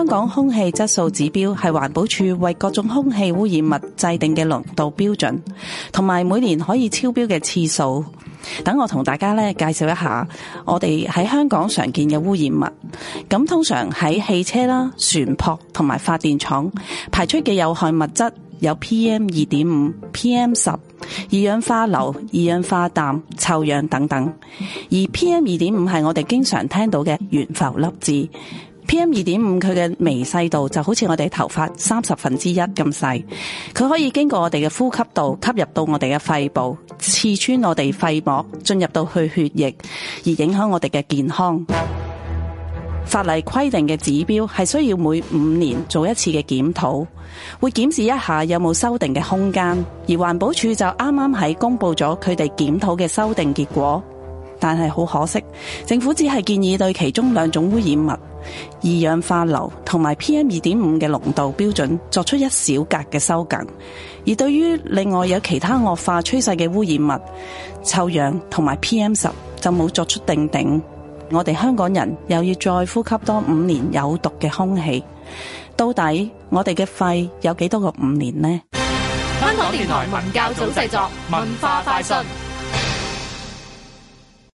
香港空氣質素指標係環保署為各種空氣污染物制定嘅濃度標準，同埋每年可以超標嘅次數。等我同大家咧介紹一下我哋喺香港常見嘅污染物。咁通常喺汽車啦、船舶同埋發電廠排出嘅有害物質有 PM 二點五、PM 十、二氧化硫、二氧化氮、臭氧等等。而 PM 二點五係我哋經常聽到嘅懸浮粒子。PM2.5 佢嘅微細度就好似我哋頭髮三十分之一咁細，佢可以經過我哋嘅呼吸道吸入到我哋嘅肺部，刺穿我哋肺膜，進入到去血液而影響我哋嘅健康。法例規定嘅指標係需要每五年做一次嘅檢討，會檢視一下有冇修訂嘅空間。而環保署就啱啱喺公布咗佢哋檢討嘅修訂結果。但係好可惜，政府只係建議對其中兩種污染物，二氧化硫同埋 PM 二點五嘅濃度標準作出一小格嘅收緊，而對於另外有其他惡化趨勢嘅污染物，臭氧同埋 PM 十就冇作出定定。我哋香港人又要再呼吸多五年有毒嘅空氣，到底我哋嘅肺有幾多個五年呢？香港電台文教組製作文化快訊。